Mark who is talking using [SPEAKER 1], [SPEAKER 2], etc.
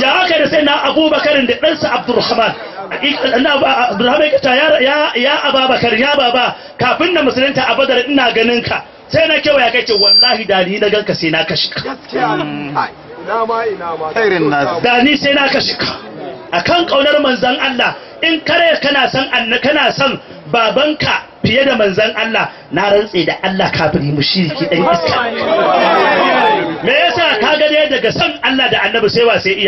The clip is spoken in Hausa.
[SPEAKER 1] da haka da sai na abubakar da ɗansa abdurrahman abdurrahman ya ya ya ababakar ya baba kafin na musulunta a badar ina ganin ka sai na kewa ya kai wallahi da ni na ganka sai na kashi ka da ni sai na kashi ka akan kaunar manzan Allah in kare kana san kana san babanka fiye da manzan Allah na rantse da Allah kafiri mushriki dan iska me yasa ka ga daga san Allah da annabi sai wa sai iya